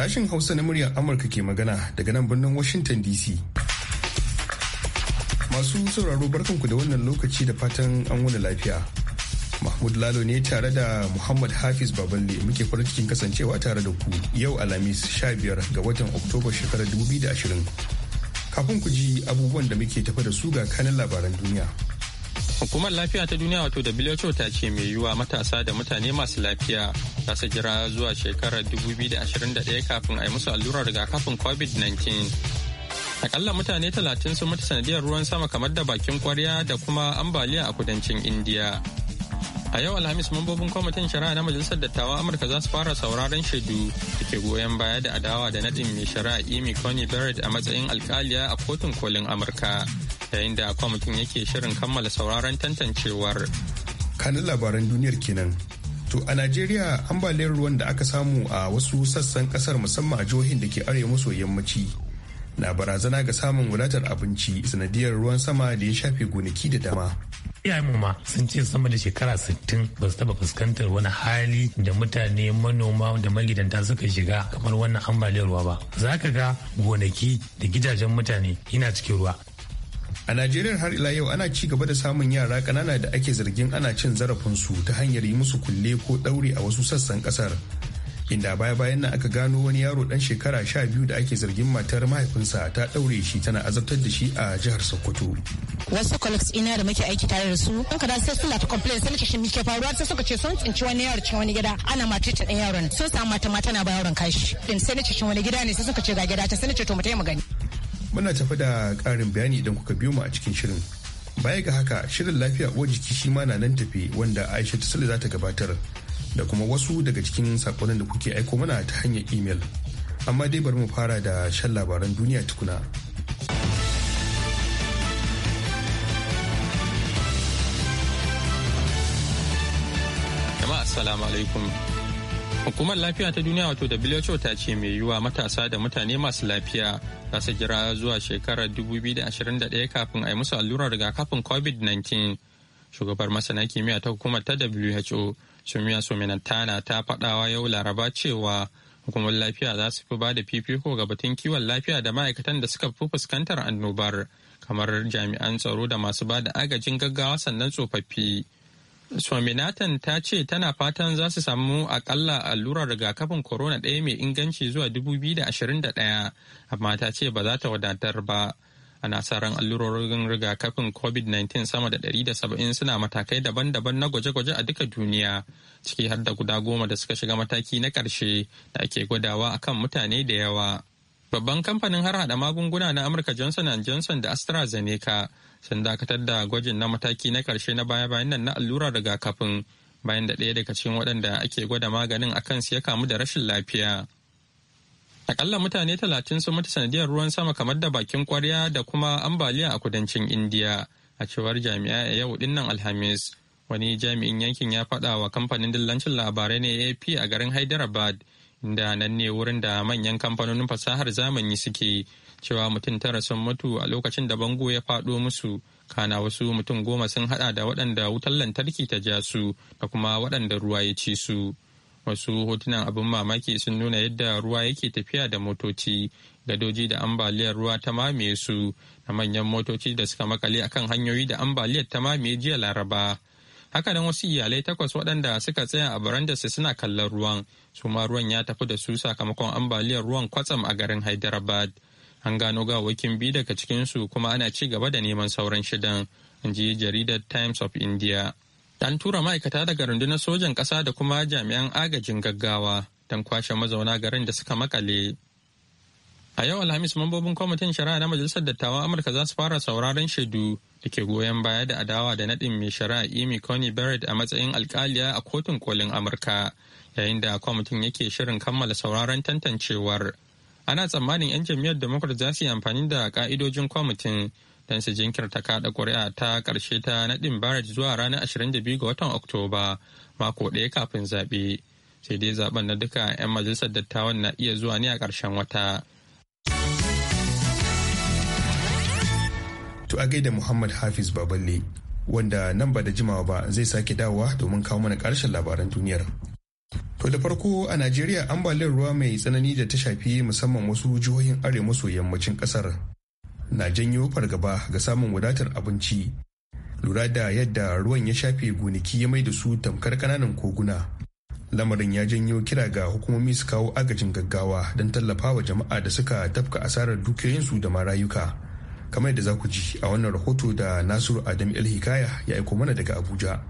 Sashen Hausa na muryar Amurka ke magana daga nan birnin Washington DC. Masu sauraro barkanku da wannan lokaci da fatan an wani lafiya. Mahmud Lalo ne tare da Muhammad Hafiz Baballe muke farin cikin kasancewa tare da ku yau Alhamis 15 ga watan Oktoba shekarar 2020. Kafin ku ji abubuwan da muke tafa da su ga kanin labaran duniya. Hukumar lafiya ta duniya wato WHO ta ce mai yiwuwa matasa da mutane masu lafiya ta sa jira zuwa shekarar 2021 kafin a yi musu allurar rigakafin covid-19 akalla mutane 30 sun mutu sanadiyar ruwan sama kamar da bakin kwarya da kuma ambaliya a kudancin indiya a yau alhamis mambobin kwamitin shari'a na majalisar dattawan amurka za su fara sauraron shaidu da ke goyon baya da adawa da nadin mai shari'a imi coney barrett a matsayin alkaliya a kotun kolin amurka yayin da kwamitin yake shirin kammala sauraron tantancewar kanin labaran duniyar kenan To a Najeriya ambaliyar ruwan da aka samu a wasu sassan kasar musamman a jihohin da ke arewa maso yammaci na barazana ga samun wadatar abinci sanadiyar ruwan sama da ya shafe gonaki da dama. iyayenmu ma sun ce sama da shekara 60 ba su taba fuskantar wani hali da mutane manoma da magidanta suka shiga kamar wannan ambaliyar ruwa ba za ka ga gonaki da gidajen mutane yana cikin ruwa a najeriya har ila yau ana ci gaba da samun yara kanana da ake zargin ana cin zarafin su ta hanyar yi musu kulle ko ɗaure a wasu sassan kasar. inda baya bayan nan aka gano wani yaro dan shekara sha biyu da ake zargin matar mahaifinsa ta daure shi tana azabtar da shi a jihar sokoto wasu colleagues ina da muke aiki tare da su don kada sai suna ta complain sai shi muke faruwa sai suka ce sun tsinci wani yaro cikin wani gida ana matar ta dan yaron sun samu mata mata na ba yaron kashi sai na cikin wani gida ne sai suka ce ga gida ta sai na ce to mu mu muna tafi da ƙarin bayani idan kuka biyo mu a cikin shirin baya ga haka shirin lafiya uwar jiki shi ma na nan tafi wanda aisha ta sule za ta gabatar da kuma wasu daga cikin sakonnin da kuke aiko mana ta hanyar imel amma dai bari mu fara da shan labaran duniya tukuna assalamu alaikum Hukumar lafiya ta duniya wato WHO ta ce mai yiwuwa matasa da mutane masu lafiya za su jira zuwa shekarar 2021 kafin a yi musu allurar rigakafin COVID-19. Shugabar masana kimiyya ta hukumar ta WHO Sumiya Tana ta faɗawa yau Laraba cewa hukumar lafiya za su fi ba da fifiko ga batun kiwon lafiya da ma'aikatan da suka fi fuskantar annobar kamar jami'an tsaro da masu ba da agajin gaggawa sannan tsofaffi. Swaminathan ta ce tana fatan za su samu akalla allurar rigakafin corona ɗaya mai inganci zuwa 2021 amma ta ce ba za ta wadatar ba. Ana sa ran allurorin rigakafin COVID-19 sama da 170 suna matakai daban-daban na gwaje-gwaje a duka duniya, ciki har da guda goma da suka shiga mataki na ƙarshe da ake gwadawa a kan mutane da yawa. Babban kamfanin har hada magunguna na Amurka Johnson Johnson da AstraZeneca sun dakatar da gwajin na mataki na karshe na baya-bayan nan na allurar rigakafin bayan da ɗaya daga cikin waɗanda ake gwada maganin a kansu ya kamu da rashin lafiya. Akalla mutane talatin sun mutu sanadiyar ruwan sama kamar da bakin kwarya da kuma ambaliya a kudancin Indiya a cewar jami'a a yau dinnan Alhamis. Wani jami'in yankin ya faɗa wa kamfanin dillancin labarai na AP a garin Hyderabad inda nan ne wurin da manyan kamfanonin fasahar zamani suke cewa mutum tara sun mutu a lokacin da bango ya faɗo musu kana wasu mutum goma sun hada da waɗanda wutar lantarki ta ja su da kuma waɗanda ruwa ya ci su wasu hotunan abin mamaki sun nuna yadda ruwa yake tafiya da motoci gadoji da ambaliyar ruwa ta mamaye su da manyan motoci da suka makale akan hanyoyi da ambaliyar ta mamaye jiya laraba haka nan wasu iyalai takwas waɗanda suka tsaya a su suna kallon ruwan su ma ruwan ya tafi da su sakamakon ambaliyar ruwan kwatsam a garin hyderabad an gano gawakin biyu daga cikinsu kuma ana ci gaba da neman sauran shidan in ji jaridar times of india an tura ma'aikata daga rundunar sojan ƙasa da kuma jami'an agajin gaggawa don kwashe mazauna garin da suka makale a yau alhamis mambobin kwamitin shari'a na majalisar dattawan amurka za su fara sauraron shaidu da ke goyon baya da adawa da naɗin mai shari'a imi coney barrett a matsayin alkaliya a kotun kolin amurka yayin da kwamitin yake shirin kammala sauraron tantancewar ana tsammanin 'yan jam'iyyar democrat za su yi amfani da ka'idojin kwamitin don su jinkirta kaɗa ƙuri'a ta karshe ta naɗin barrett zuwa ranar 22 ga watan oktoba mako ɗaya kafin zaɓe sai dai zaben na duka 'yan majalisar dattawan na iya zuwa ne a karshen wata to a gaida muhammad hafiz baballe wanda nan ba da jimawa ba zai sake dawowa domin kawo mana karshen labaran duniyar To da farko a Najeriya ambaliyar ruwa mai tsanani da ta shafi musamman wasu jihohin arewa maso yammacin kasar na janyo fargaba ga samun wadatar abinci. Lura da yadda ruwan ya shafe gonaki ya mai da su tamkar kananan koguna. Lamarin ya janyo kira ga hukumomi su kawo agajin gaggawa don tallafawa jama'a da suka tafka asarar dukiyoyinsu da ma rayuka. Kamar yadda za ku ji a wannan rahoto da Nasiru Adam El Hikaya ya aiko mana daga Abuja.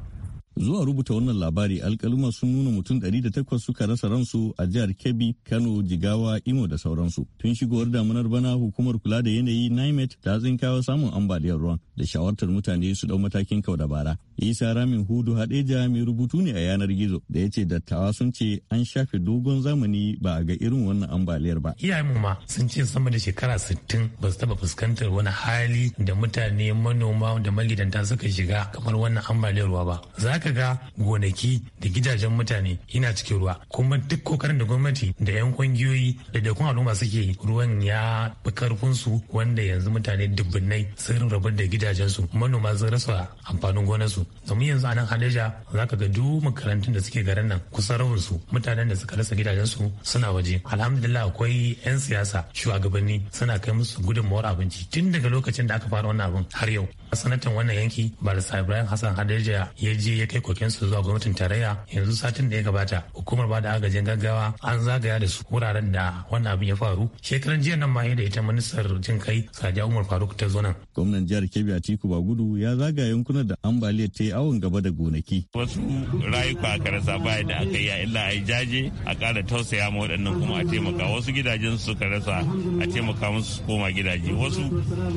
Zuwa rubuta wannan labari alkaluma sun nuna mutum 108 suka rasa ransu a jihar Kebbi, Kano, Jigawa, Imo da sauransu. Tun shigowar damunar bana hukumar kula da yanayi NIMET ta zinkawa samun ambaliyar ruwan da shawartar mutane su dau matakin kau dabara bara. Isa Ramin Hudu Hadeja mai rubutu ne a yanar gizo da ya ce dattawa sun ce an shafe dogon zamani ba a ga irin wannan ambaliyar ba. mu ma sun ce sama da shekara 60 ba su taba fuskantar wani hali da mutane manoma da magidanta suka shiga kamar wannan ambaliyar ruwa ba. zaka ka gonaki da gidajen mutane yana cikin ruwa kuma duk kokarin da gwamnati da 'yan kungiyoyi da dakon al'umma suke ruwan ya fi karfinsu wanda yanzu mutane dubbinai sun rabu da gidajensu manoma sun rasa amfanin gonarsu domin yanzu a nan hadeja za ka ga duk makarantun da suke garin nan kusan rabin mutanen da suka rasa gidajensu suna waje alhamdulillah akwai 'yan siyasa shugabanni suna kai musu gudunmawar abinci tun daga lokacin da aka fara wannan abin har yau a sanatan wannan yanki barista ibrahim hassan hadeja ya je ya kai kokensu zuwa gwamnatin tarayya yanzu satin da ya gabata hukumar ba da agajin gaggawa an zagaya da su wuraren da wannan abin ya faru shekaran jiya nan ma da ita ministar jin kai sadi umar faruk ta zo nan gwamnan jihar kebbi atiku gudu ya zagaya yankunan da ambaliyar ta yi awon gaba da gonaki wasu rayuka a rasa baya da aka yi a illa a jaje a kara tausaya ma waɗannan kuma a taimaka wasu gidajen su suka rasa a taimaka musu koma gidaje wasu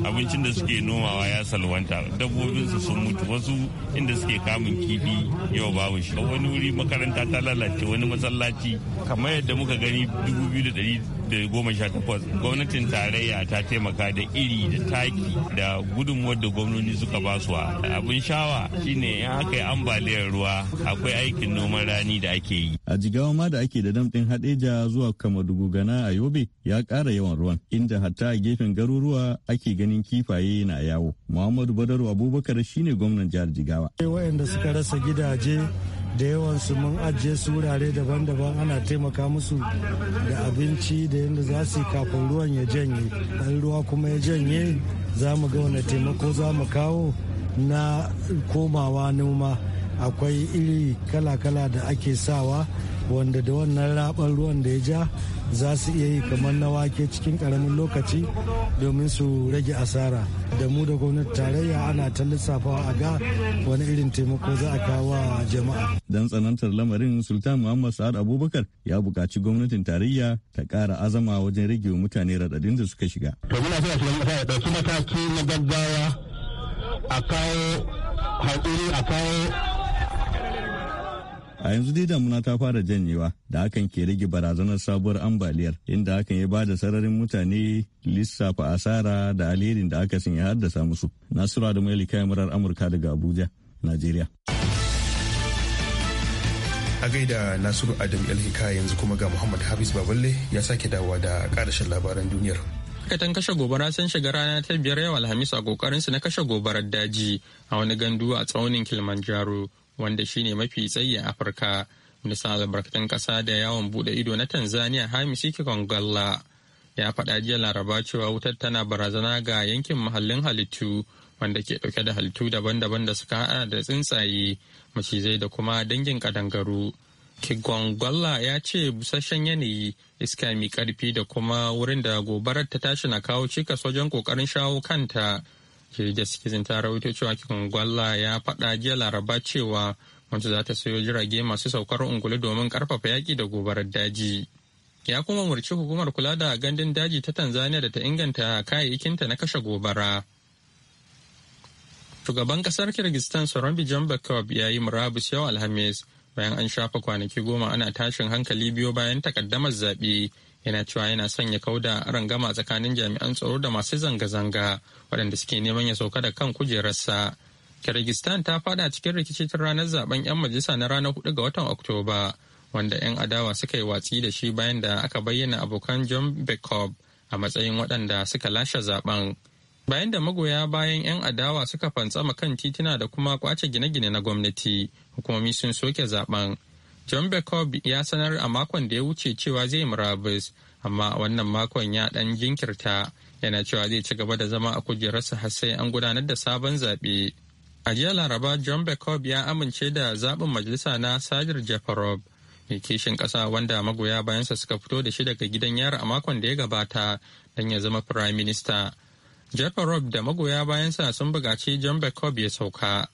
abincin da suke nomawa ya salwani. dabbobin dabbobinsu sun mutu wasu inda suke kamun kifi yau babu shi wani wuri makaranta ta lalace wani masallaci kamar yadda muka gani 2018 gwamnatin tarayya ta taimaka da iri da taki da gudunmuwar da gwamnoni suka basu abin shawa shine in aka yi ambaliyar ruwa akwai aikin noman rani da ake yi a jigawa ma da ake da dam haɗeja hadeja zuwa dugu gana a yobe ya kara yawan ruwan inda hatta a gefen garuruwa ake ganin kifaye na yawo muhammadu Badaru Abubakar shine gwamnan jihar Jigawa. Wayanda suka rasa gidaje da su mun ajiye su wurare daban-daban ana taimaka musu da abinci da yadda za su kafin ruwan ya janye. dan ruwa kuma ya janye za mu ga wani taimako za mu kawo na komawa noma akwai iri kala-kala da ake sawa wanda da wannan raɓar ruwan da ya ja za su iya yi kamar na wake cikin ƙaramin lokaci domin su rage asara da mu da gwamnati tarayya ana ta lissafawa a ga wani irin taimako za a kawo wa jama'a. don tsanantar lamarin Sultan Muhammad Sa'ad Abubakar ya buƙaci gwamnatin tarayya ta ƙara azama wajen rage mutane raɗaɗin da suka shiga. To muna so a da ɗauki mataki na gaggawa a kawo haƙuri a kawo a yanzu dai damuna ta fara janyewa da hakan ke rage barazanar sabuwar ambaliyar inda hakan ya bada sararin mutane lissafa asara da alherin da aka ya haddasa musu nasiru da mai murar amurka daga abuja najeriya a gaida nasiru adam hika yanzu kuma ga muhammad hafiz baballe ya sake dawowa da karashin labaran duniyar ma'aikatan kashe gobara sun shiga rana ta biyar yau alhamis a kokarinsu na kashe gobarar daji a wani gandu a tsaunin kilimanjaro wanda shine mafi tsayi a afirka ministan albarkatun ƙasa da yawon buɗe ido na tanzania hamis kikongalla ya faɗa jiya laraba cewa wutar tana barazana ga yankin muhallin halittu wanda ke ɗauke da halittu daban-daban da suka haɗa da tsuntsaye macizai da kuma dangin ƙadangaru kigongwalla ya ce busasshen yanayi iska mai ƙarfi da kuma wurin da gobarar ta tashi na kawo cikas wajen ƙoƙarin shawo kanta Jaridar Citizen ta rawaito cewa gwalla ya faɗa jiya Laraba cewa wanda za ta sayo jirage masu saukar ungulu domin karfafa yaƙi da gobarar daji. Ya kuma murci hukumar kula da gandun daji ta Tanzania da ta inganta kayayyakinta na kashe gobara. Shugaban kasar Kirgistan bijan Jambakov ya yi murabus yau Alhamis bayan an shafa kwanaki goma ana tashin hankali biyo bayan takaddamar zaɓe yana cewa yana sanya ya kauda rangama tsakanin jami'an tsaro da masu zanga-zanga waɗanda suke neman ya sauka da kan kujerarsa kirgistan ta fada cikin rikici tun ranar zaben 'yan majalisa na ranar hudu ga watan oktoba wanda 'yan adawa suka yi watsi da shi bayan da aka bayyana abokan john bekob a matsayin waɗanda suka lashe zaben bayan da magoya bayan 'yan adawa suka fantsama kan tituna da kuma kwace gine-gine na gwamnati hukumomi sun soke zaben John Bekob ya sanar a makon da ya wuce cewa zai murabus, amma wannan makon ya ɗan jinkirta yana cewa zai ci gaba da zama a kujerarsa har sai an gudanar da sabon zaɓe. A jiya Laraba, John Bekob ya amince da zaɓin majalisa na Sajir Jafarov, mai kishin ƙasa wanda magoya bayansa suka fito da shi daga gidan yara a makon da ya gabata don ya zama Firayim Minista. Jafarov da magoya bayansa sun bugaci John Bekob ya sauka.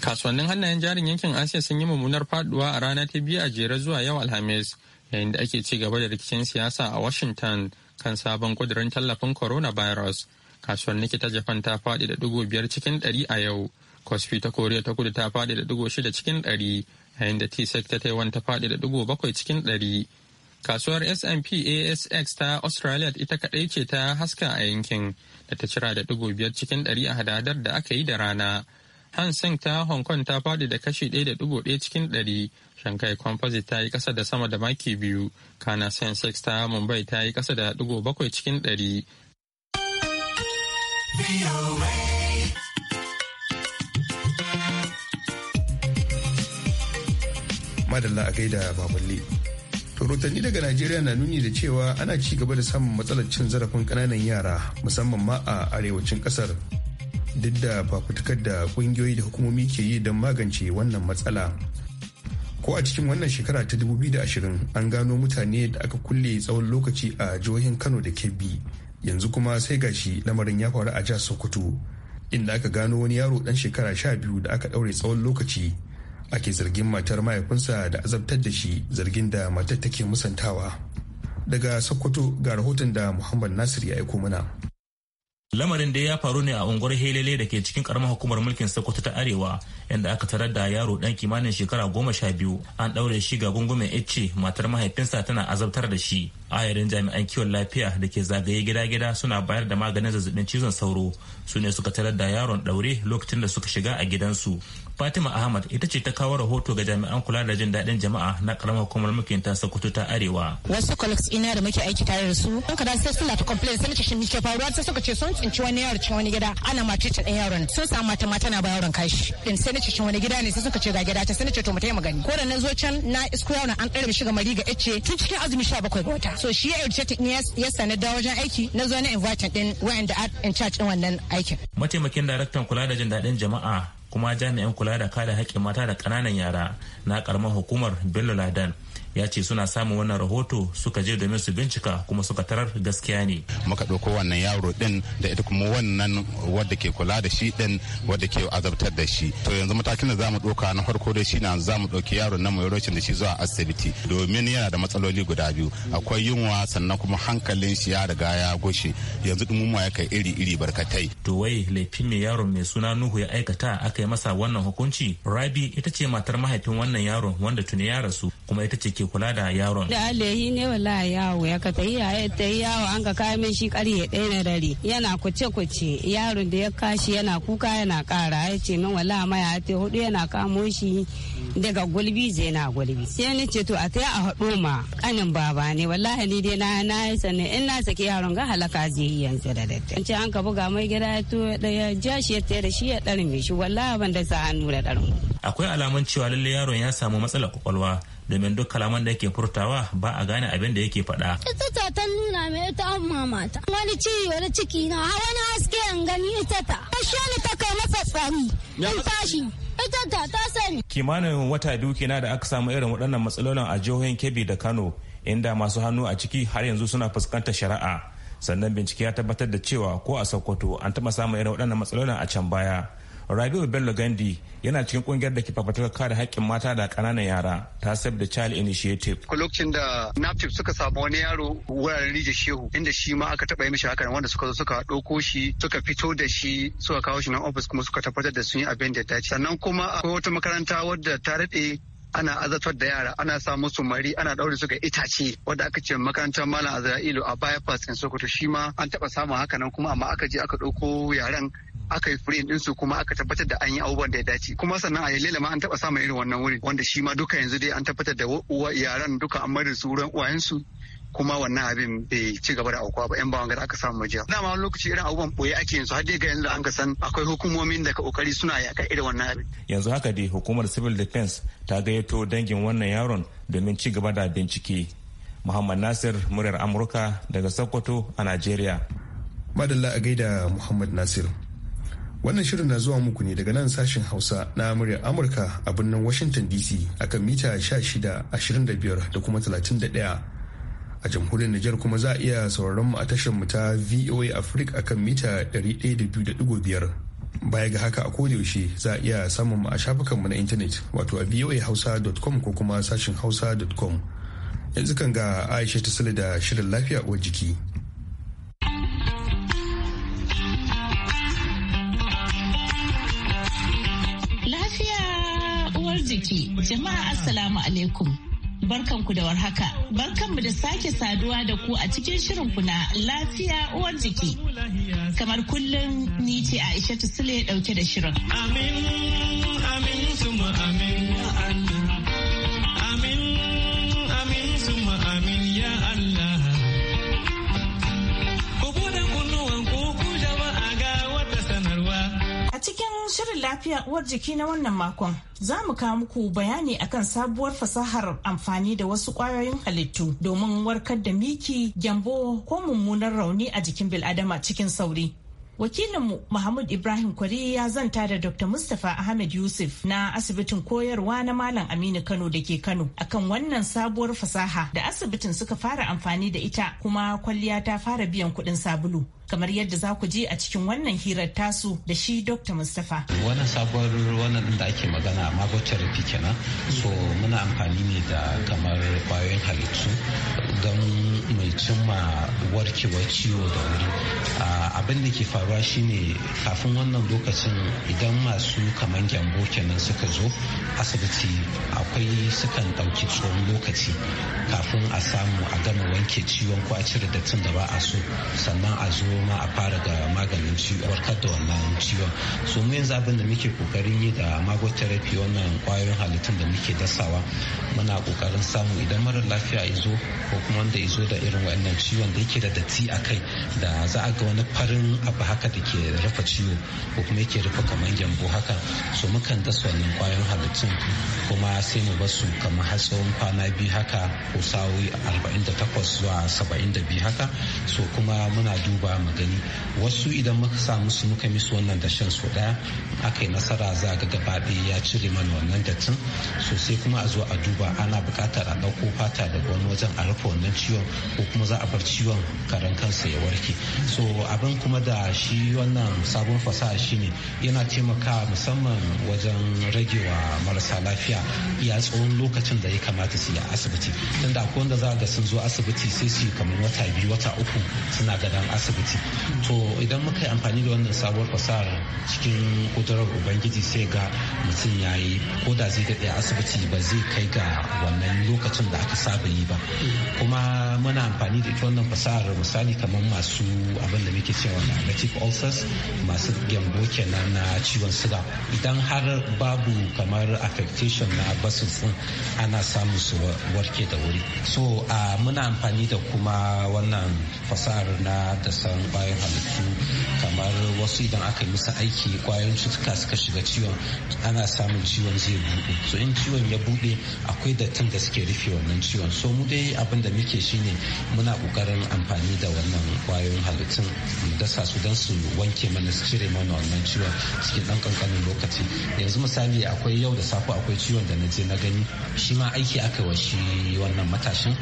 kasuwannin hannayen jarin yankin asiya sun yi mummunar faduwa a rana ta biyu a jere zuwa yau alhamis yayin da ake ci gaba da rikicin siyasa a washington kan sabon kudirin tallafin coronavirus kasuwar niki ta japan ta faɗi da digo biyar cikin ɗari a yau kwasfi ta koriya ta kudu ta faɗi da digo shida cikin ɗari yayin da tsec ta taiwan ta faɗi da digo bakwai cikin ɗari kasuwar S&P ASX ta Australia ita kaɗai ce ta haska a yankin da ta cira da ɗigo biyar cikin ɗari a hadadar da aka yi da rana Hang Seng ta Hong Kong ta fadi da kashi 1.1 cikin 100, Shanghai Composite ta yi kasa da sama da maki biyu, Kana Sensex ta Mumbai ta yi kasa da 0.7 cikin 100. Madalla a gaida baballe. rotanni daga najeriya na nuni da cewa ana ci gaba da samun matsalar cin zarafin kananan yara musamman ma a arewacin kasar duk da fafutukar da kungiyoyi da hukumomi ke yi don magance wannan matsala ko a cikin wannan shekara ta 2020 an gano mutane da aka kulle tsawon lokaci a jihohin kano da kebbi yanzu kuma sai gashi lamarin ya faru a jihar sokoto inda aka gano wani yaro dan shekara sha biyu da aka daure tsawon lokaci ake zargin matar mahaifinsa da azabtar da shi zargin da matar take musantawa daga sokoto ga rahoton da muhammad nasir ya aiko mana lamarin da ya faru ne a unguwar helele da ke cikin karamar hukumar mulkin sokoto ta arewa inda aka tarar da yaro dan kimanin shekara goma sha biyu an daure shi ga gungumen icce matar mahaifinsa tana azabtar da shi ayarin jami'an kiwon lafiya da ke zagaye gida-gida suna bayar da maganin zazzabin cizon sauro su ne suka tarar da yaron daure lokacin da suka shiga a gidansu fatima ahmad ita ce ta kawo rahoto ga jami'an kula da jin daɗin jama'a na karamar hukumar mukin ta sokoto ta arewa wasu colleagues ina da muke aiki tare da su an kada sai suna ta complain sai nake shi ke faruwa sai suka ce sun tsinci wani yaro cikin wani gida ana mace ta ɗan yaron sun sa mata mata na ba yaron kashi din sai nake shi wani gida ne sai suka ce ga gida ta sai nake to mu yi magani ko da na zo can na isko yaron an ɗaure shi ga mari ga ecce tun cikin azumi 17 ga wata so shi ya yarda ya sani da wajen aiki na zo na invite din wa'anda in charge din wannan aikin mataimakin daraktan kula da jin daɗin jama'a kuma jami'an kula da kada haƙƙin mata da ƙananan yara na ƙaramar hukumar bello ladan ya ce suna samun wannan rahoto suka je domin su bincika kuma suka tarar gaskiya ne muka ɗauko wannan yaro din da ita kuma wannan wadda ke kula da shi din wadda ke azabtar da shi to yanzu matakin da zamu ɗauka na farko dai shine za mu ɗauki yaro na mu rocin da shi zuwa asibiti domin yana da matsaloli guda biyu akwai yunwa sannan kuma hankalin shi ya riga ya gushe yanzu mu ya kai iri iri barkatai to wai laifin mai yaron mai suna Nuhu ya aikata aka yi masa wannan hukunci Rabi ita ce matar mahaifin wannan yaron wanda tuni ya rasu kuma ita ce ke kula da yaron. Da alehi ne wala yawo ya ka tayi tayi yawo an ka kai min shi karye ɗaya na dare yana kuce kuce yaron da ya kashi yana kuka yana kara ya ce min wala maya ta hudu yana kamo shi daga gulbi zai na gulbi. Sai ni ce to a tayi a haɗo ma kanin baba ne wallahi ni dai na na yi sannan in na saki yaron ga halaka zai yi yanzu da dadda. An ce an ka buga mai gida to ya ja shi ya tayar da shi ya ɗarme shi wallahi ban da sa hannu da ɗarme. Akwai alamun cewa lallai yaron ya samu matsalar kwakwalwa domin duk kalaman da yake furtawa ba a gane abin da yake faɗa. Ita ta ta nuna mai ita an mamata. Wani ci wani ciki na wani haske an gani ita ta. Kashe ni ta kai masa tsari. In tashi. Ita ta ta sani. Kimanin wata biyu kenan da aka samu irin waɗannan matsalolin a jihohin Kebbi da Kano inda masu hannu a ciki har yanzu suna fuskantar shari'a. sannan bincike ya tabbatar da cewa ko a sokoto an taɓa samun irin waɗannan matsalolin a can baya rabiu bello gandi yana cikin kungiyar da ke fafatar kare haƙƙin mata da ƙananan yara ta save the child initiative lokacin da naptip suka samu wani yaro wuraren rije shehu inda shi ma aka taɓa yi mishi haka wanda suka zo suka ɗauko shi suka fito da shi suka kawo shi nan ofis kuma suka tabbatar da sun yi abin da ya dace sannan kuma akwai wata makaranta wadda ta daɗe ana azatar da yara ana sa musu mari ana daure su ga itace wanda aka ce makarantar malam azra'ilu a bypass in sokoto shi ma an taba samun haka nan kuma amma aka je aka ɗauko yaran aka yi firin din su kuma aka tabbatar da an yi abubuwan da ya dace kuma sannan a yalela ma an taba samun irin wannan wuri wanda shi ma duka yanzu dai an tabbatar da yaran duka an mari su ruwan uwayensu kuma wannan abin bai ci gaba da aukuwa ba yan bawan gari aka samu jiya na ma lokaci irin abubuwan boye ake yanzu har dai ga yanzu an ka san akwai hukumomin da ka kokari suna yaƙa irin wannan abin yanzu haka dai hukumar civil defense ta gayyato dangin wannan yaron domin ci gaba da bincike muhammad nasir muryar amurka daga sokoto a najeriya madalla a gaida muhammad nasir wannan shirin na zuwa muku ne daga nan sashen hausa na muryar amurka a birnin washington dc akan mita 16 25 da kuma 31 a jamhuriyar Nijar kuma za a iya sauraron mu a tashar mu ta VOA Africa akan mita 102.5 baya ga haka a yaushe za a iya samun mu a shafukan mu na intanet wato a voahausa.com ko kuma sashin hausa.com yanzu kan ga aisha ta sule da shirin lafiya uwar lafiya uwar jiki jama'a assalamu alaikum barkanku da warhaka. Barkanmu da sake saduwa da ku a cikin shirin ku na lafiya uwar jiki. Kamar kullum ni ce Aisha Sule dauke da shirin. Amin, amin, amin. shirin lafiya uwar jiki na wannan makon za mu kawo muku bayani akan sabuwar fasahar amfani da wasu kwayoyin halittu domin warkar da miki gyambo ko mummunan rauni a jikin bil'adama cikin sauri wakilinmu Muhammad Ibrahim Kwari ya zanta da Dr. Mustapha Ahmed Yusuf na asibitin koyarwa na Malam Aminu Kano da ke Kano akan wannan sabuwar fasaha da asibitin suka fara amfani da ita kuma kwalliya ta fara biyan kuɗin sabulu. kamar yadda za ku ji a cikin wannan hirar tasu da shi Dr. Mustapha. Wannan sabuwar wannan da ake magana mago therapy kenan so muna amfani ne da kamar kwayoyin halittu don mai cimma warkewar ciwo da wuri abin da ke faruwa shine kafin wannan lokacin idan masu kamar gyambo kenan suka zo asibiti akwai sukan ɗauki tsohon lokaci kafin a samu a gama wanke ciwon ko a cire dattin da ba a so sannan a zo ma a fara da maganin warkar da wannan ciwon so mu yanzu abin da muke kokarin yi da magot wannan kwayoyin halittun da muke dasawa muna kokarin samu idan mara lafiya ya zo ko kuma wanda ya zo da irin wannan ciwon da yake da datti a kai da za a ga wani farin abu haka da ke rufe ciwo ko kuma yake rufe kamar gyambo haka so mukan dasa wannan kwayoyin halittun kuma sai mu basu kamar har tsawon kwana biyu haka ko sa'o'i 48 zuwa 72 haka so kuma muna duba mu mu gani wasu idan muka sa musu muka misu wannan dashen su daya aka yi nasara za ga gaba ya cire mana wannan dattin sosai kuma a zo a duba ana buƙatar a ɗauko fata daga wani wajen a rufe wannan ciwon ko kuma za a bar ciwon karan kansa ya warke so abin kuma da shi wannan sabon fasaha shine yana taimaka musamman wajen ragewa marasa lafiya iya tsawon lokacin da ya kamata su yi asibiti tunda akwai wanda za ga sun zo asibiti sai su yi kamar wata biyu wata uku suna gadon asibiti to idan muka yi amfani da wannan sabuwar fasahar cikin kudurar ubangiji sai ga mutum ya yi ko da zai daɗe asibiti ba zai kai ga wannan lokacin da aka saba yi ba kuma muna amfani da ita wannan fasahar misali kamar masu abin da muke cewa diabetic ulcers masu gyambo kenan na ciwon suga idan har babu kamar affectation na basus din ana samun su warke da wuri so muna amfani da kuma wannan fasahar na da san na kwayoyin halittu kamar wasu idan aka yi musu aiki kwayoyin cutuka suka shiga ciwon ana samun ciwon zai buɗe so in ciwon ya buɗe akwai dattin da suke rufe wannan ciwon so mu dai abin da muke shine muna ƙoƙarin amfani da wannan kwayoyin halittun mu dasa su don su wanke mana su cire mana wannan ciwon cikin ɗan ƙanƙanin lokaci yanzu misali akwai yau da safe akwai ciwon da na je na gani shi ma aiki aka wa shi wannan matashin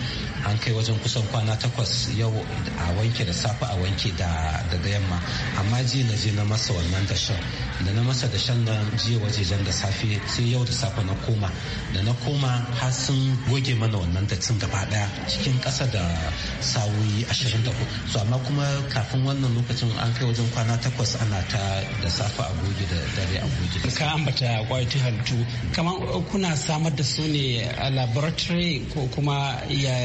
an kai wajen kusan kwana takwas yau a wanke da safe a wanke da daga yamma amma ji na je na masa wannan tashar da na masa da shan nan jiya wajejen da safe sai yau da safe na koma da na koma har sun goge mana wannan dattin gaba daya cikin kasa da sa'o'i 24 so amma kuma kafin wannan lokacin an kai wajen kwana takwas ana ta da safe a goge da dare a goge ka ambata kwayoyin halittu kamar kuna samar da su ne a laboratory ko kuma ya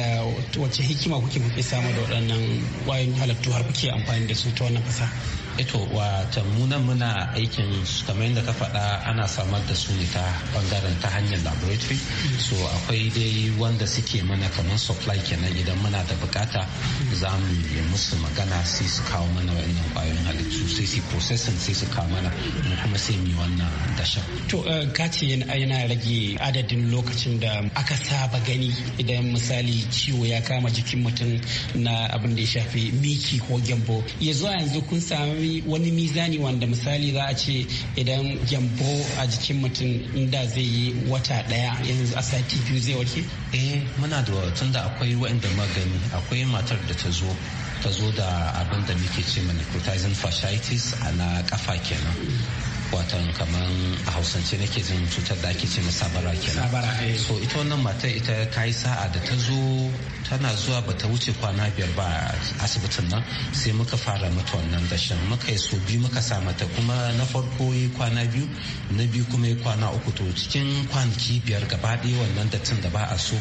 wace hikima kuke kuke samar da waɗannan kwayoyin halittu har kuke amfani da su ta wannan kasa ito wata nan muna aikin shin kamar yadda ka faɗa ana samar da su ne ta bangaren ta hanyar laboratory so akwai dai wanda suke mana kamar supply kenan idan muna da bukata za mu yi musu magana sai su kawo mana wannan kwayoyin halittu sai su processing sai su kawo mana mu kuma sai mu yi wannan dashen. to eh, kace yana rage adadin lokacin da aka saba gani idan misali ciwo ya kama jikin mutum na abin da ya shafi miki ko gyambo ya zuwa yanzu kun sami wani mizani wanda misali za a ce ce idan gyambo a jikin mutum inda zai yi wata daya yanzu a sati biyu zai warke? eh muna da da akwai waanda magani akwai matar da ta zo ta zo da abin da muke ce ma necrotizing fasciitis a na kafa kenan watan kaman a hausance nake jin cutar da ake ce na sabara kenan eh. so ita wannan mata ita ta yi sa'a da ta zo tana zuwa ba ta wuce kwana biyar ba a asibitin nan sai muka fara mata wannan dashen muka yi so biyu muka sa mata kuma na farko yi kwana biyu na biyu kuma yi kwana uku to cikin kwanaki biyar gaba ɗaya wannan dattin da ba a so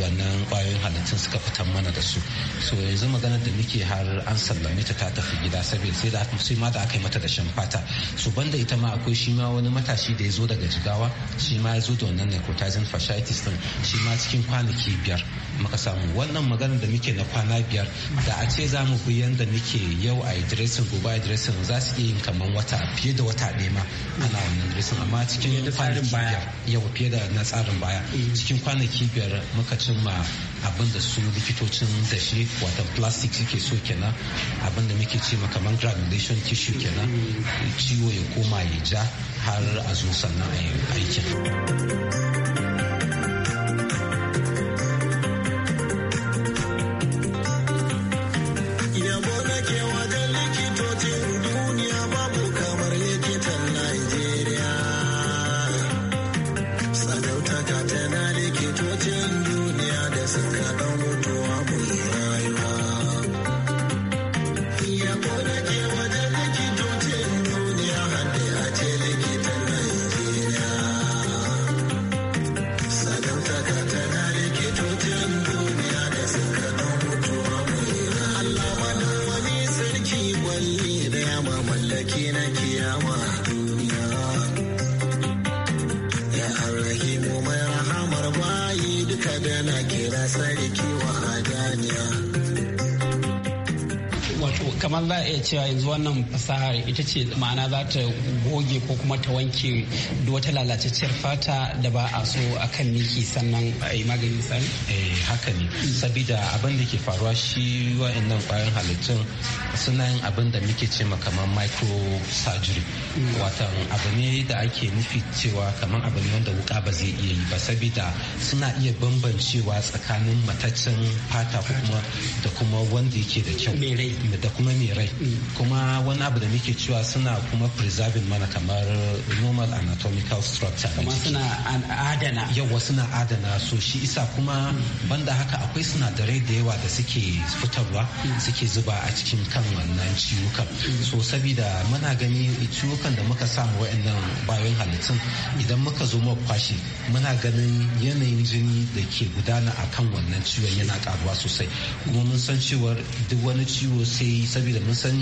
wannan kwayoyin halittun suka fitar mana da su so yanzu maganar da muke har an sallame ta ta tafi gida saboda sai da sai ma da aka yi mata dashen fata so banda ita kuma akwai shi ma wani matashi da ya zo daga jigawa shi ma ya zo da wannan necrotizing fasciitis din shi ma cikin kwanaki biyar muka samu wannan maganar da muke na kwana biyar da a ce za mu bi yadda muke yau a dressing gobe a diresin za su iya yin kamar wata fiye da wata ɗaya ma ana wannan dressing amma cikin kwanaki biyar yau fiye da na tsarin baya mm. cikin kwanaki biyar muka cimma abin da su likitocin da shi wata plastic suke so kenan abin da muke ce kamar granulation tissue kenan mm. ciwo ya koma ya ja har a zo sannan a yi aikin. fasahar ita ce ma'ana za ta goge ko kuma ta wanke duk wata lalacecciyar fata da ba a so a kan niki sannan a yi magani sani? eh haka ne sabida abin da ke faruwa shi nan kwayoyin halittun suna yin abin da muke ce kamar micro surgery mm. watan abu ne da ake nufi cewa kamar abu ne wanda wuka ba zai iya yi ba sabida suna iya bambancewa tsakanin mataccen fata kuma da kuma wanda yake da kyau da kuma mai rai mm. kuma wani abu da muke cewa suna kuma preserving mana kamar normal anatomical structure kuma suna adana yawa suna adana so shi isa kuma hmm. banda haka akwai sinadarai da yawa da suke fitarwa hmm. suke zuba a cikin kan wannan ciwukan hmm. so sabida muna gani ciwukan da muka samu wa'annan bayan halittun idan muka zo muka kwashe muna ganin yanayin jini da ke gudana a kan wannan ciwon yana karuwa sosai kuma mun san cewar duk wani ciwo sai sabida mun san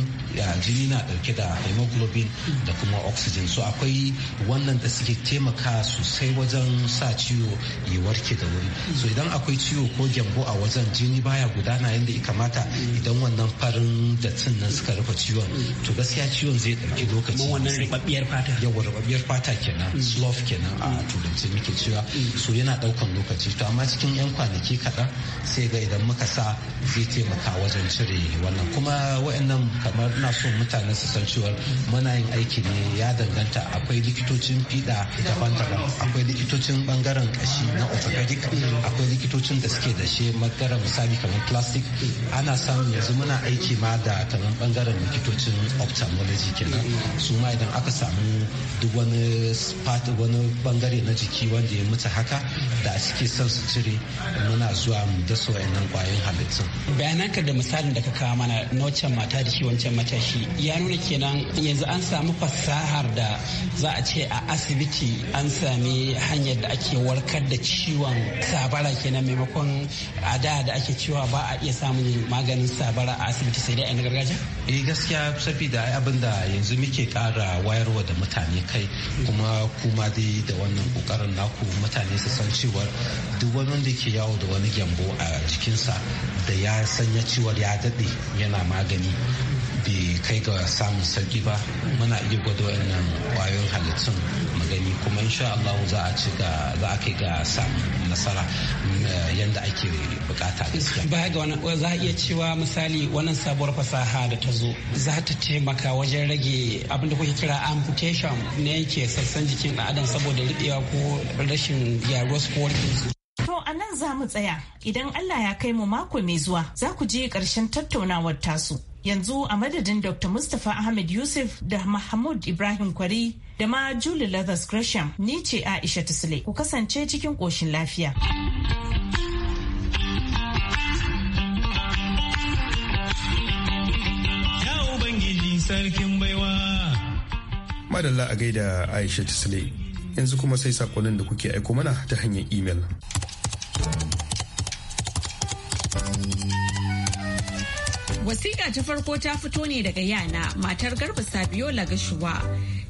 jini na yana dauke da hemoglobin da kuma oxygen so akwai wannan da suke taimaka sosai wajen sa ciwo ya warke da wuri so idan akwai ciwo ko gyambo a wajen jini baya gudana yadda ya kamata idan wannan farin dattin nan suka rufe ciwon to gaskiya ciwon zai dauki lokaci wannan fata kenan mm. slough kenan a mm. turanci muke cewa mm. so yana ɗaukan lokaci to amma cikin yan kwanaki kaɗan sai ga idan muka sa zai taimaka wajen cire wannan kuma wa'annan kamar na so mutane na muna yin aiki ne ya danganta akwai likitocin fiɗa daban-daban akwai likitocin bangaren kashi na orthopedic akwai likitocin da suke da shi magara misali kamar plastic ana samu yanzu muna aiki ma da kamar bangaren likitocin ophthalmology kenan su ma idan aka samu duk wani part wani bangare na jiki wanda ya mutu haka da suke son su cire muna zuwa mu dasa wayannan kwayoyin halittun bayananka da misalin da ka kawo mana na wancan mata da shi wancan matashi ya nuna kenan yanzu an samu fasahar da za a ce a asibiti an sami hanyar da ake warkar da ciwon sabara kenan maimakon a da da ake cewa ba a iya samun maganin sabara a asibiti sai dai a na gargajiya? eh gaskiya saboda abin da yanzu muke kara wayarwa da mutane kai kuma kuma dai da wannan kokarin naku mutane su san cewar duk wani wanda ke yawo da wani gyambo a jikinsa da ya sanya cewar ya daɗe yana magani Bi kai ga samun sauki ba muna iya gwado wannan kwayoyin halittun mu gani kuma insha Allah za a ci ga za a kai ga samun nasara eh, yanda ake bukata gaskiya baya ga wannan za a iya cewa misali wannan sabuwar fasaha da ta zo za ta taimaka wajen rage abin da kuke kira amputation ne yake sassan jikin da adam saboda riɗewa ko rashin gyaruwar su ko To a nan za mu tsaya idan Allah ya kai mu mako mai zuwa za ku je karshen tattaunawar tasu yanzu a madadin dr mustapha ahmed yusuf da mahmud ibrahim kwari da ma julie leathers gresham ni ce aisha tusle ku kasance cikin ƙoshin lafiya madalla a gaida aisha tusle yanzu kuma sai sakonin da kuke aiko mana ta hanyar imel. Wasiƙa ta farko ta fito ne daga yana matar Garba Sabiola Gashuwa.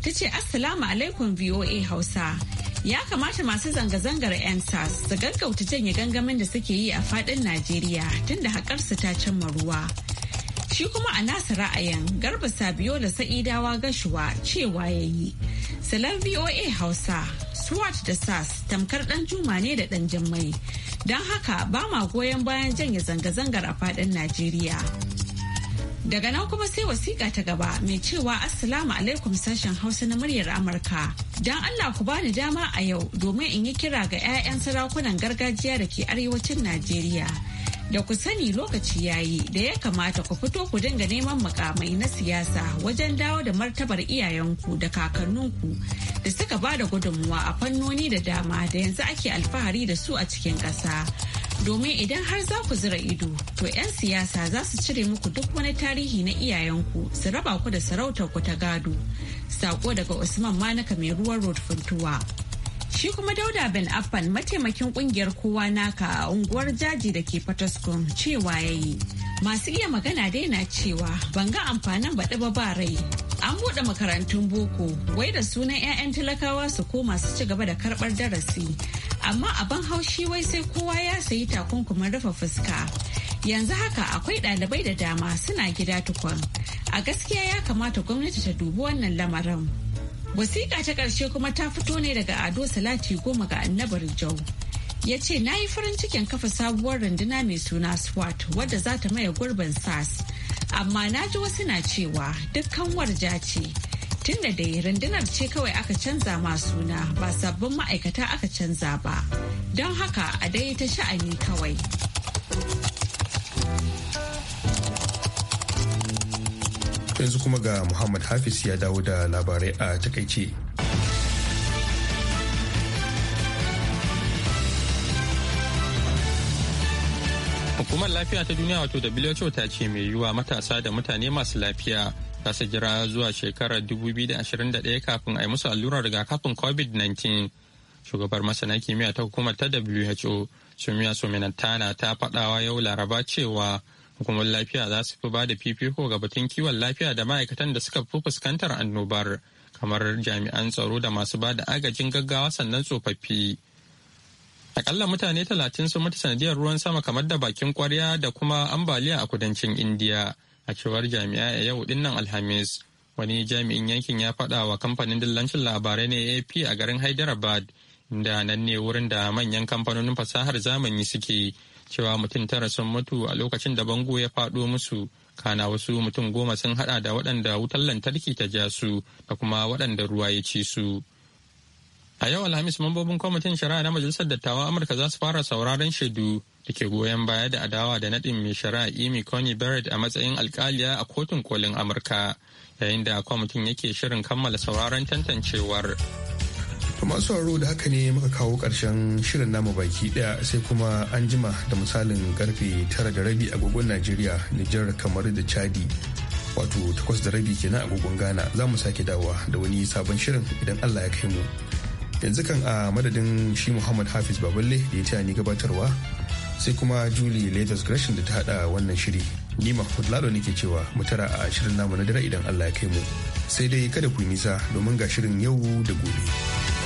Ta ce Assalamu alaikum VOA Hausa. Ya kamata masu zanga-zangar 'yan sas su gaggauta janye gangamin da suke yi a faɗin Najeriya tunda haƙarsa ta cimma ruwa. Shi kuma a nasa ra'ayin Garba Sabiola Sa'idawa Gashuwa cewa ya yi. Salon VOA Hausa, SWAT da SAS tamkar ɗan juma ne da ɗan jammai. Don haka ba ma goyon bayan janye zanga-zangar a faɗin Najeriya. Daga nan kuma sai wasiƙa ta gaba mai cewa Assalamu alaikum sashen Hausa na muryar Amurka. Don Allah ku bani dama a yau domin in yi kira ga 'ya'yan sarakunan gargajiya da ke arewacin Najeriya. Da ku sani lokaci ya yi da ya kamata ku fito ku dinga neman mukamai na siyasa wajen dawo da martabar iyayenku da kakanninku da suka ba da gudunmuwa a fannoni da dama da yanzu ake alfahari da su a cikin ƙasa. domin idan har za ku zira ido to 'yan siyasa za su cire muku duk wani tarihi na iyayenku su raba ku da sarautar ku ta gado sako daga usman manaka mai ruwan road funtuwa shi kuma dauda ben affan mataimakin kungiyar kowa naka a unguwar jaji da ke fataskum cewa ya yi masu iya magana dai na cewa ban ga amfanin baɗi ba ba rai an buɗe makarantun boko wai da sunan 'ya'yan talakawa su koma su ci gaba da karɓar darasi amma abin haushi wai sai kowa ya sayi takunkumin rufe fuska yanzu haka akwai ɗalibai da dama suna gida tukun a gaskiya ya kamata gwamnati ta dubi wannan lamarin wasiƙa ta ƙarshe kuma ta fito ne daga ado salati goma ga annabar jau ya ce na yi farin cikin kafa sabuwar runduna mai suna swat wadda za ta maye gurbin sas amma na ji wasu na cewa dukkan warja ce tun da dai rundunar ce kawai aka canza ma suna ba sabbin ma'aikata aka canza ba don haka a dai ta sha'ani kawai yanzu kuma ga muhammad hafiz ya dawo da labarai a takaice hukumar lafiya ta duniya wato who ta ce mai yiwuwa matasa da mutane masu lafiya ta su jira zuwa shekarar 2021 kafin a yi musu allurar rigakafin covid-19 shugabar masana kimiyya ta hukumar ta who sumiya suminantana ta fadawa yau laraba cewa hukumar lafiya za su fi ba da fifiko ga batun kiwon lafiya da ma'aikatan da suka fi fuskantar annobar kamar jami'an tsaro da masu ba da agajin gaggawa sannan tsofaffi akalla mutane talatin sun mutu sanadiyar ruwan sama kamar da bakin kwarya da kuma ambaliya a kudancin indiya a cewar jami'a a yau dinnan alhamis wani jami'in yankin ya faɗa wa kamfanin dillancin labarai na ap a garin hyderabad da nan ne wurin da manyan kamfanonin fasahar zamani suke cewa mutum tara sun mutu a lokacin da bango ya faɗo musu kana wasu mutum goma sun hada da waɗanda wutar lantarki ta ja su da kuma waɗanda ruwa ya ci su A yau Alhamis mambobin kwamitin shari'a na Majalisar Dattawan Amurka za su fara sauraron shaidu da ke goyon baya da adawa da naɗin mai shari'a imi Coney Barrett a matsayin alkaliya a kotun kolin Amurka yayin da kwamitin yake shirin kammala sauraron tantancewar. masu sauraro da haka ne muka kawo ƙarshen shirin namu baki ɗaya sai kuma an jima da misalin karfe tara da rabi agogon Najeriya, Nijar, kamar da Chadi. Wato takwas da rabi kenan agogon Ghana za mu sake dawowa da wani sabon shirin idan Allah ya kai mu. yanzu kan a madadin shi muhammad hafiz baballe da ya taya ni gabatarwa sai kuma julie latest gresham da ta hada wannan shiri ni mahmud lalo nake cewa mu tara a shirin namu na dare idan allah ya kai mu sai dai kada ku nisa domin ga shirin yau da gobe.